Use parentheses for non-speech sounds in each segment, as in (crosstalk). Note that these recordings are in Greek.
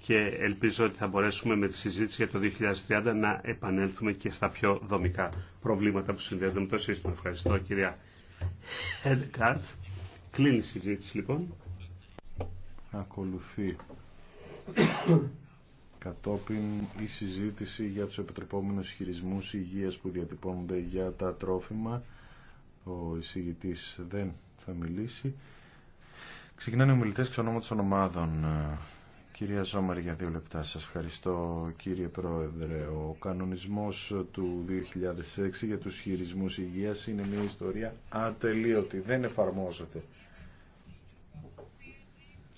και ελπίζω ότι θα μπορέσουμε με τη συζήτηση για το 2030 να επανέλθουμε και στα πιο δομικά προβλήματα που συνδέονται με το σύστημα. Ευχαριστώ κυρία Ελκάρτ. Κλείνει η συζήτηση λοιπόν. Ακολουθεί κατόπιν η συζήτηση για τους επιτρεπόμενους χειρισμούς υγείας που διατυπώνονται για τα τρόφιμα. Ο εισηγητής δεν θα μιλήσει. Ξεκινάνε οι μιλητές εξ των ομάδων. Ε, κυρία Ζόμαρη, για δύο λεπτά. Σας ευχαριστώ, κύριε Πρόεδρε. Ο κανονισμός του 2006 για τους χειρισμούς υγείας είναι μια ιστορία ατελείωτη. Δεν εφαρμόζεται.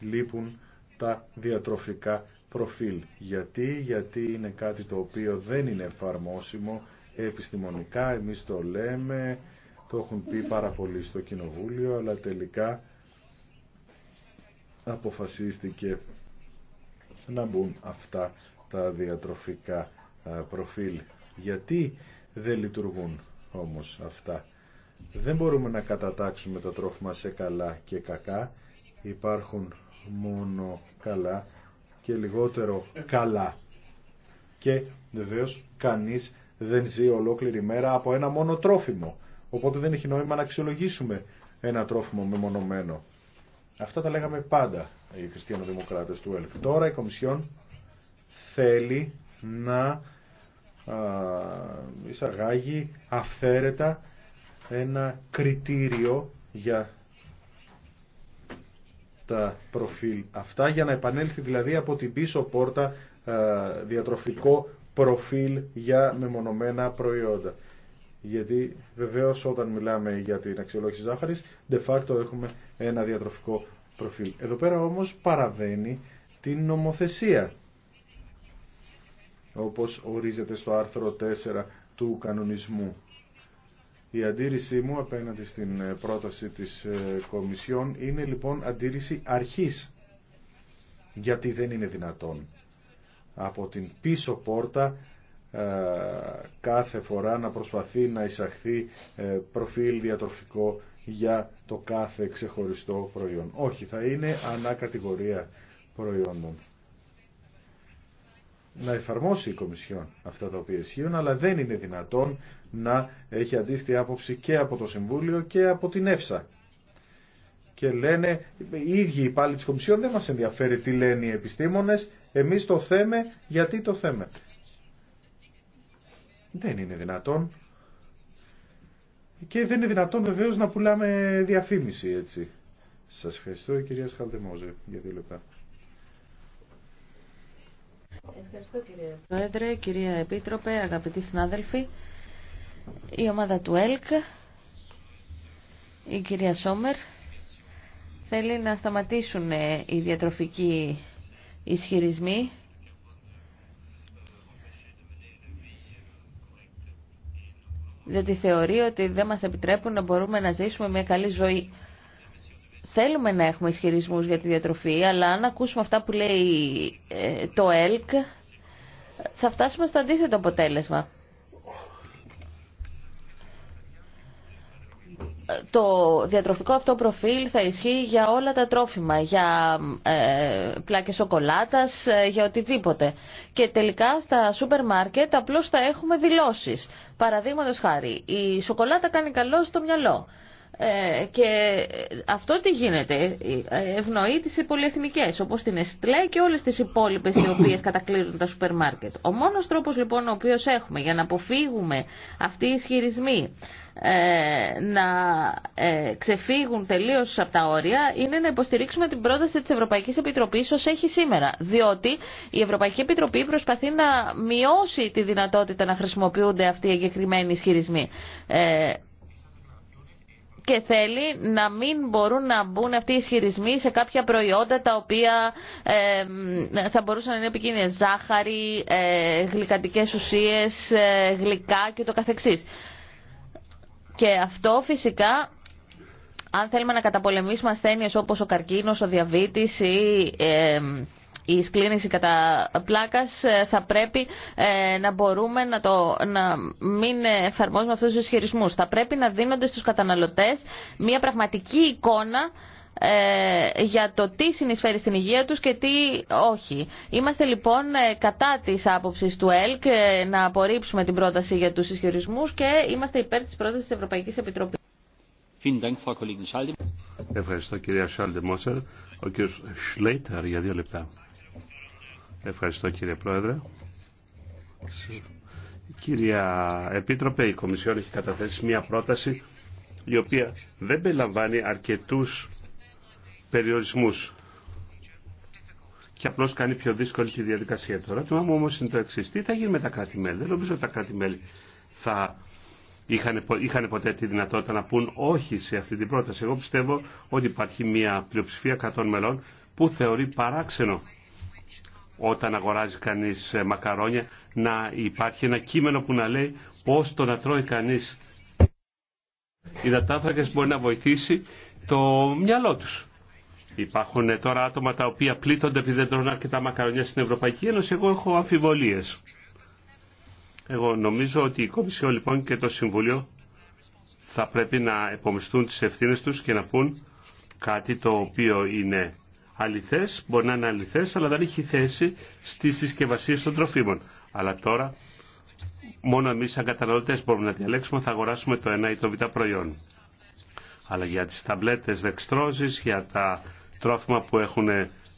Λείπουν τα διατροφικά προφίλ. Γιατί, γιατί είναι κάτι το οποίο δεν είναι εφαρμόσιμο επιστημονικά. Εμείς το λέμε, το έχουν πει πάρα πολύ στο Κοινοβούλιο, αλλά τελικά αποφασίστηκε να μπουν αυτά τα διατροφικά προφίλ. Γιατί δεν λειτουργούν όμως αυτά. Δεν μπορούμε να κατατάξουμε τα τρόφιμα σε καλά και κακά. Υπάρχουν μόνο καλά και λιγότερο καλά. Και βεβαίως κανείς δεν ζει ολόκληρη μέρα από ένα μόνο τρόφιμο. Οπότε δεν έχει νόημα να αξιολογήσουμε ένα τρόφιμο μεμονωμένο. Αυτά τα λέγαμε πάντα οι χριστιανοδημοκράτες του ΕΛΚ. Τώρα η Κομισιόν θέλει να εισαγάγει αυθαίρετα ένα κριτήριο για τα προφίλ αυτά για να επανέλθει δηλαδή από την πίσω πόρτα διατροφικό προφίλ για μεμονωμένα προϊόντα γιατί βεβαίω, όταν μιλάμε για την αξιολόγηση ζάχαρη, de facto έχουμε ένα διατροφικό προφίλ. Εδώ πέρα όμως παραβαίνει την νομοθεσία, όπως ορίζεται στο άρθρο 4 του κανονισμού. Η αντίρρησή μου απέναντι στην ε, πρόταση της ε, Κομισιόν είναι λοιπόν αντίρρηση αρχής, γιατί δεν είναι δυνατόν από την πίσω πόρτα ε, κάθε φορά να προσπαθεί να εισαχθεί ε, προφίλ διατροφικό για το κάθε ξεχωριστό προϊόν. Όχι, θα είναι ανακατηγορία προϊόντων. Να εφαρμόσει η Κομισιόν αυτά τα οποία ισχύουν, αλλά δεν είναι δυνατόν να έχει αντίστοιχη άποψη και από το Συμβούλιο και από την ΕΦΣΑ. Και λένε, οι ίδιοι οι υπάλληλοι της Κομισιόν δεν μας ενδιαφέρει τι λένε οι επιστήμονες, εμείς το θέμε γιατί το θέμε. Δεν είναι δυνατόν. Και δεν είναι δυνατόν βεβαίω να πουλάμε διαφήμιση έτσι. Σα ευχαριστώ κυρία Σχαλτεμόζε για δύο λεπτά. Ευχαριστώ κυρία Πρόεδρε, κυρία Επίτροπε, αγαπητοί συνάδελφοι. Η ομάδα του ΕΛΚ, η κυρία Σόμερ, θέλει να σταματήσουν οι διατροφικοί ισχυρισμοί διότι θεωρεί ότι δεν μας επιτρέπουν να μπορούμε να ζήσουμε μια καλή ζωή. Θέλουμε να έχουμε ισχυρισμού για τη διατροφή, αλλά αν ακούσουμε αυτά που λέει ε, το ΕΛΚ, θα φτάσουμε στο αντίθετο αποτέλεσμα. το διατροφικό αυτό προφίλ θα ισχύει για όλα τα τρόφιμα, για ε, πλάκες σοκολάτας, ε, για οτιδήποτε. Και τελικά στα σούπερ μάρκετ απλώς θα έχουμε δηλώσεις. Παραδείγματος χάρη, η σοκολάτα κάνει καλό στο μυαλό. Ε, και αυτό τι γίνεται, ε, ευνοεί τις πολυεθνικές όπως την Εστλέ και όλες τις υπόλοιπες οι οποίες (coughs) κατακλείζουν τα σούπερ μάρκετ. Ο μόνος τρόπος λοιπόν ο οποίος έχουμε για να αποφύγουμε αυτοί οι ισχυρισμοί ε, να ξεφύγουν τελείως από τα όρια είναι να υποστηρίξουμε την πρόταση της Ευρωπαϊκής Επιτροπής ως έχει σήμερα. Διότι η Ευρωπαϊκή Επιτροπή προσπαθεί να μειώσει τη δυνατότητα να χρησιμοποιούνται αυτοί οι εγκεκριμένοι ισχυρισμοί και θέλει να μην μπορούν να μπουν αυτοί οι ισχυρισμοί σε κάποια προϊόντα τα οποία ε, θα μπορούσαν να είναι επικίνδυνα. Ζάχαρη, ε, γλυκαντικές ουσίες, ε, γλυκά και το καθεξής. Και αυτό φυσικά αν θέλουμε να καταπολεμήσουμε ασθένειες όπως ο καρκίνος, ο διαβήτης ή η σκλήνηση κατά πλάκας ε, θα πρέπει ε, να μπορούμε να, το, να μην εφαρμόζουμε αυτούς τους ισχυρισμούς. Θα πρέπει να δίνονται στους καταναλωτές μια πραγματική εικόνα ε, για το τι συνεισφέρει στην υγεία τους και τι όχι. Είμαστε λοιπόν κατά της άποψης του ΕΛΚ να απορρίψουμε την πρόταση για τους ισχυρισμούς και είμαστε υπέρ της πρότασης της Ευρωπαϊκής Επιτροπής. Ευχαριστώ κυρία Σάλντε Μόσερ. Ο κύριος Σλέιτερ για δύο λεπτά. Ευχαριστώ κύριε Πρόεδρε. Κυρία Επίτροπε, η Κομισιόν έχει καταθέσει μια πρόταση η οποία δεν περιλαμβάνει αρκετούς περιορισμούς και απλώς κάνει πιο δύσκολη τη διαδικασία. Το ερώτημα μου όμως είναι το εξή. Τι θα γίνει με τα κράτη-μέλη. Δεν νομίζω ότι τα κράτη-μέλη θα είχαν, είχαν ποτέ τη δυνατότητα να πούν όχι σε αυτή την πρόταση. Εγώ πιστεύω ότι υπάρχει μια πλειοψηφία 100 μελών που θεωρεί παράξενο όταν αγοράζει κανείς ε, μακαρόνια να υπάρχει ένα κείμενο που να λέει πώς το να τρώει κανείς δατάθρακες μπορεί να βοηθήσει το μυαλό τους. Υπάρχουν ε, τώρα άτομα τα οποία πλήττονται επειδή δεν τρώνε αρκετά μακαρονιά στην Ευρωπαϊκή Ένωση. Εγώ έχω αμφιβολίες. Εγώ νομίζω ότι η Κομισιό λοιπόν και το Συμβουλίο θα πρέπει να επομιστούν τις ευθύνες τους και να πούν κάτι το οποίο είναι αληθές, μπορεί να είναι αληθές, αλλά δεν έχει θέση στις συσκευασίες των τροφίμων. Αλλά τώρα μόνο εμείς σαν καταναλωτές μπορούμε να διαλέξουμε θα αγοράσουμε το ένα ή το β προϊόν. Αλλά για τις ταμπλέτες δεξτρόζης, για τα τρόφιμα που έχουν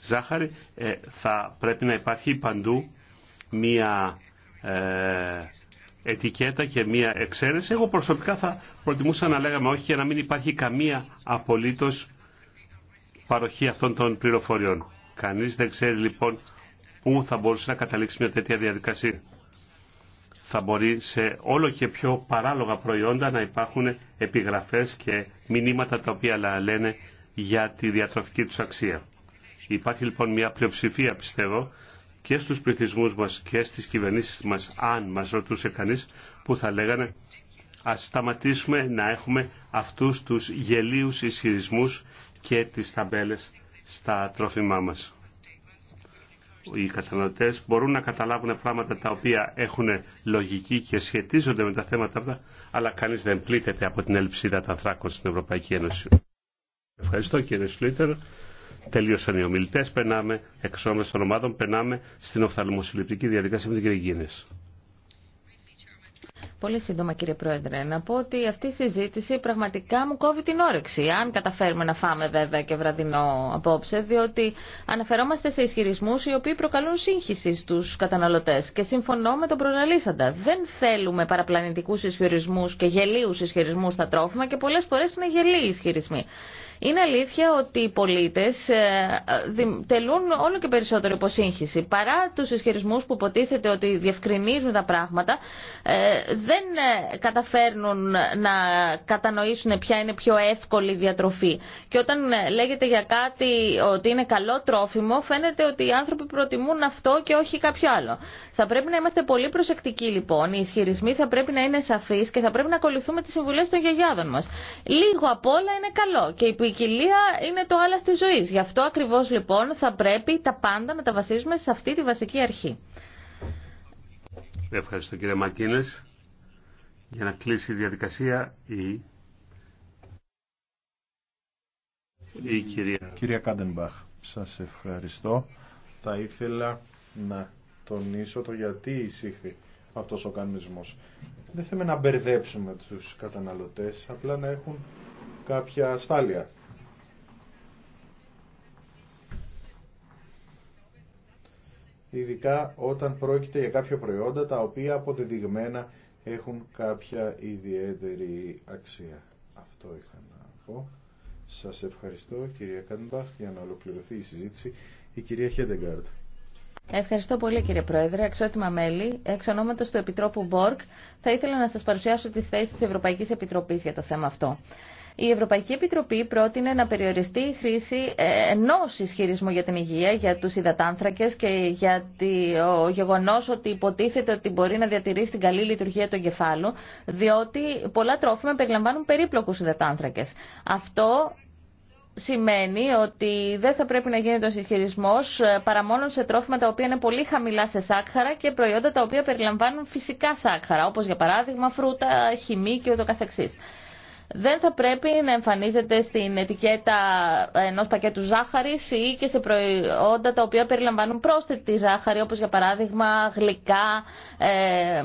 ζάχαρη, ε, θα πρέπει να υπάρχει παντού μία ε, ετικέτα και μία εξαίρεση. Εγώ προσωπικά θα προτιμούσα να λέγαμε όχι για να μην υπάρχει καμία απολύτως παροχή αυτών των πληροφοριών. Κανείς δεν ξέρει λοιπόν πού θα μπορούσε να καταλήξει μια τέτοια διαδικασία. Θα μπορεί σε όλο και πιο παράλογα προϊόντα να υπάρχουν επιγραφές και μηνύματα τα οποία λένε για τη διατροφική τους αξία. Υπάρχει λοιπόν μια πλειοψηφία πιστεύω και στους πληθυσμούς μας και στις κυβερνήσεις μας αν μας ρωτούσε κανείς που θα λέγανε ας σταματήσουμε να έχουμε αυτούς τους γελίους ισχυρισμούς και τις ταμπέλες στα τρόφιμά μας. Οι καταναλωτές μπορούν να καταλάβουν πράγματα τα οποία έχουν λογική και σχετίζονται με τα θέματα αυτά, αλλά κανείς δεν πλήττεται από την ελψίδα των θράκων στην Ευρωπαϊκή Ένωση. Ευχαριστώ κύριε Σλίτερ. Τελείωσαν οι ομιλητέ. Περνάμε εξ των ομάδων. Περνάμε στην οφθαλμοσυλληπτική διαδικασία με την κυρία Πολύ σύντομα κύριε Πρόεδρε, να πω ότι αυτή η συζήτηση πραγματικά μου κόβει την όρεξη. Αν καταφέρουμε να φάμε βέβαια και βραδινό απόψε, διότι αναφερόμαστε σε ισχυρισμού οι οποίοι προκαλούν σύγχυση στου καταναλωτέ. Και συμφωνώ με τον προναλήσαντα. Δεν θέλουμε παραπλανητικούς ισχυρισμού και γελίου ισχυρισμού στα τρόφιμα και πολλέ φορέ είναι γελοί ισχυρισμοί. Είναι αλήθεια ότι οι πολίτες ε, τελούν όλο και περισσότερο υποσύγχυση. Παρά του ισχυρισμού που υποτίθεται ότι διευκρινίζουν τα πράγματα, ε, δεν ε, καταφέρνουν να κατανοήσουν ποια είναι πιο εύκολη διατροφή. Και όταν λέγεται για κάτι ότι είναι καλό τρόφιμο, φαίνεται ότι οι άνθρωποι προτιμούν αυτό και όχι κάποιο άλλο. Θα πρέπει να είμαστε πολύ προσεκτικοί λοιπόν. Οι ισχυρισμοί θα πρέπει να είναι σαφεί και θα πρέπει να ακολουθούμε τι συμβουλέ των γιαγιάδων μα. Λίγο απ' όλα είναι καλό και ποικιλία είναι το άλλα στη ζωή. Γι' αυτό ακριβώς λοιπόν θα πρέπει τα πάντα να τα βασίζουμε σε αυτή τη βασική αρχή. Ευχαριστώ κύριε Μακίνες. Για να κλείσει η διαδικασία η, η κυρία... Κυρία Κάντενμπαχ, σας ευχαριστώ. Θα ήθελα να τονίσω το γιατί εισήχθη αυτός ο κανονισμός. Δεν θέλουμε να μπερδέψουμε τους καταναλωτές, απλά να έχουν κάποια ασφάλεια. ειδικά όταν πρόκειται για κάποια προϊόντα τα οποία αποδεδειγμένα έχουν κάποια ιδιαίτερη αξία. Αυτό είχα να πω. Σας ευχαριστώ κυρία Κάντμπαχ για να ολοκληρωθεί η συζήτηση. Η κυρία Χέντεγκάρτ. Ευχαριστώ πολύ κύριε Πρόεδρε, Εξότιμα μέλη. Εξ ονόματος του Επιτρόπου Μπόρκ θα ήθελα να σας παρουσιάσω τη θέση της Ευρωπαϊκής Επιτροπής για το θέμα αυτό η Ευρωπαϊκή Επιτροπή πρότεινε να περιοριστεί η χρήση ε, ενό ισχυρισμού για την υγεία, για του υδατάνθρακε και για το γεγονό ότι υποτίθεται ότι μπορεί να διατηρήσει την καλή λειτουργία του εγκεφάλου, διότι πολλά τρόφιμα περιλαμβάνουν περίπλοκου υδατάνθρακε. Αυτό σημαίνει ότι δεν θα πρέπει να γίνεται ο ισχυρισμό ε, παρά μόνο σε τρόφιμα τα οποία είναι πολύ χαμηλά σε σάκχαρα και προϊόντα τα οποία περιλαμβάνουν φυσικά σάκχαρα, όπω για παράδειγμα φρούτα, χυμή και δεν θα πρέπει να εμφανίζεται στην ετικέτα ενός πακέτου ζάχαρης ή και σε προϊόντα τα οποία περιλαμβάνουν πρόσθετη ζάχαρη όπως για παράδειγμα γλυκά, ε,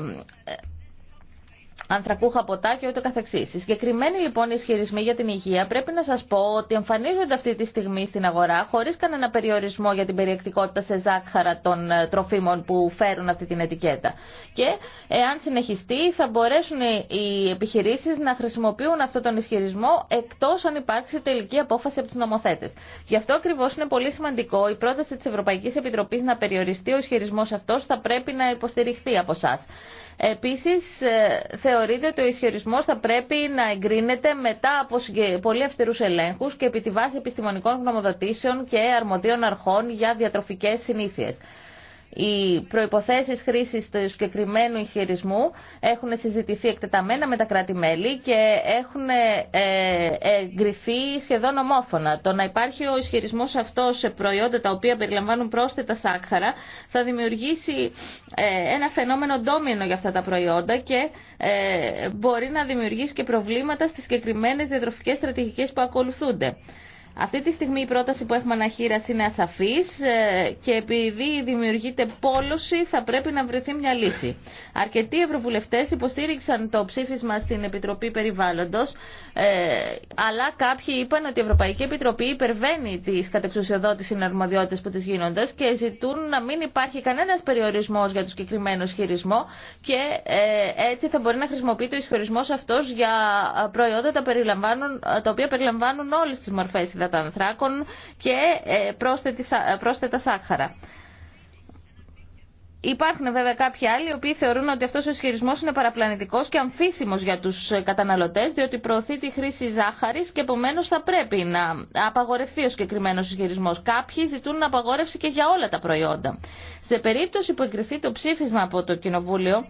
ανθρακούχα ποτά και ούτε καθεξής. Οι συγκεκριμένοι λοιπόν ισχυρισμοί για την υγεία πρέπει να σας πω ότι εμφανίζονται αυτή τη στιγμή στην αγορά χωρίς κανένα περιορισμό για την περιεκτικότητα σε ζάχαρα των ε, τροφίμων που φέρουν αυτή την ετικέτα. Και εάν συνεχιστεί θα μπορέσουν οι επιχειρήσεις να χρησιμοποιούν αυτόν τον ισχυρισμό εκτός αν υπάρξει τελική απόφαση από τους νομοθέτες. Γι' αυτό ακριβώς είναι πολύ σημαντικό η πρόταση της Ευρωπαϊκής Επιτροπής να περιοριστεί ο ισχυρισμός αυτός θα πρέπει να υποστηριχθεί από εσά. Επίσης, ε, θεωρείται ότι ο ισχυρισμό θα πρέπει να εγκρίνεται μετά από πολύ αυστηρού ελέγχου και επί τη βάση επιστημονικών γνωμοδοτήσεων και αρμοδίων αρχών για διατροφικέ συνήθειε. Οι προϋποθέσεις χρήσης του συγκεκριμένου εγχειρισμού έχουν συζητηθεί εκτεταμένα με τα κράτη-μέλη και έχουν ε, εγκριθεί σχεδόν ομόφωνα. Το να υπάρχει ο ισχυρισμός αυτό σε προϊόντα τα οποία περιλαμβάνουν πρόσθετα σάκχαρα θα δημιουργήσει ε, ένα φαινόμενο ντόμινο για αυτά τα προϊόντα και ε, μπορεί να δημιουργήσει και προβλήματα στις συγκεκριμένες διατροφικές στρατηγικές που ακολουθούνται. Αυτή τη στιγμή η πρόταση που έχουμε αναχείραση είναι ασαφής ε, και επειδή δημιουργείται πόλωση θα πρέπει να βρεθεί μια λύση. Αρκετοί ευρωβουλευτέ υποστήριξαν το ψήφισμα στην Επιτροπή Περιβάλλοντος ε, αλλά κάποιοι είπαν ότι η Ευρωπαϊκή Επιτροπή υπερβαίνει τι κατεξουσιοδότη συναρμοδιότητε που τις γίνονται και ζητούν να μην υπάρχει κανένα περιορισμό για το συγκεκριμένο ισχυρισμό και ε, έτσι θα μπορεί να χρησιμοποιείται ο ισχυρισμό αυτό για προϊόντα τα, τα οποία περιλαμβάνουν όλες τις μορφέ ανθράκων και ε, ε, πρόσθετα σάχαρα. Υπάρχουν βέβαια κάποιοι άλλοι οι οποίοι θεωρούν ότι αυτό ο ισχυρισμό είναι παραπλανητικός και αμφίσιμο για του ε, καταναλωτέ, διότι προωθεί τη χρήση ζάχαρη και επομένω θα πρέπει να απαγορευτεί ο συγκεκριμένο ισχυρισμό. Κάποιοι ζητούν απαγόρευση και για όλα τα προϊόντα. Σε περίπτωση που εγκριθεί το ψήφισμα από το Κοινοβούλιο,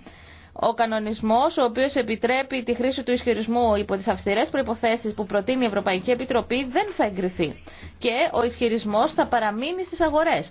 ο κανονισμός ο οποίος επιτρέπει τη χρήση του ισχυρισμού υπό τις αυστηρές προϋποθέσεις που προτείνει η Ευρωπαϊκή Επιτροπή δεν θα εγκριθεί και ο ισχυρισμό θα παραμείνει στις αγορές.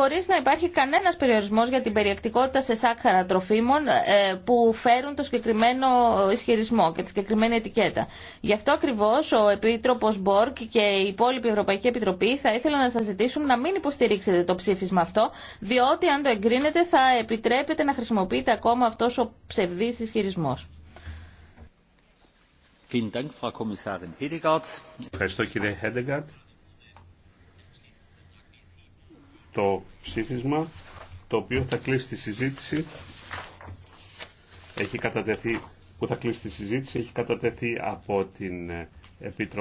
Χωρί να υπάρχει κανένα περιορισμό για την περιεκτικότητα σε σάκχαρα τροφίμων ε, που φέρουν το συγκεκριμένο ισχυρισμό και τη συγκεκριμένη ετικέτα. Γι' αυτό ακριβώ ο επίτροπο Μπόρκ και η υπόλοιπη Ευρωπαϊκή Επιτροπή θα ήθελα να σα ζητήσουν να μην υποστηρίξετε το ψήφισμα αυτό, διότι αν το εγκρίνετε θα επιτρέπετε να χρησιμοποιείτε ακόμα αυτό ο ψευδής ισχυρισμό. Ευχαριστώ κύριε Χέντεγκαρτ. το ψήφισμα το οποίο θα κλείσει τη συζήτηση έχει κατατεθεί, που θα κλείσει τη συζήτηση έχει κατατεθεί από την ε, Επιτροπή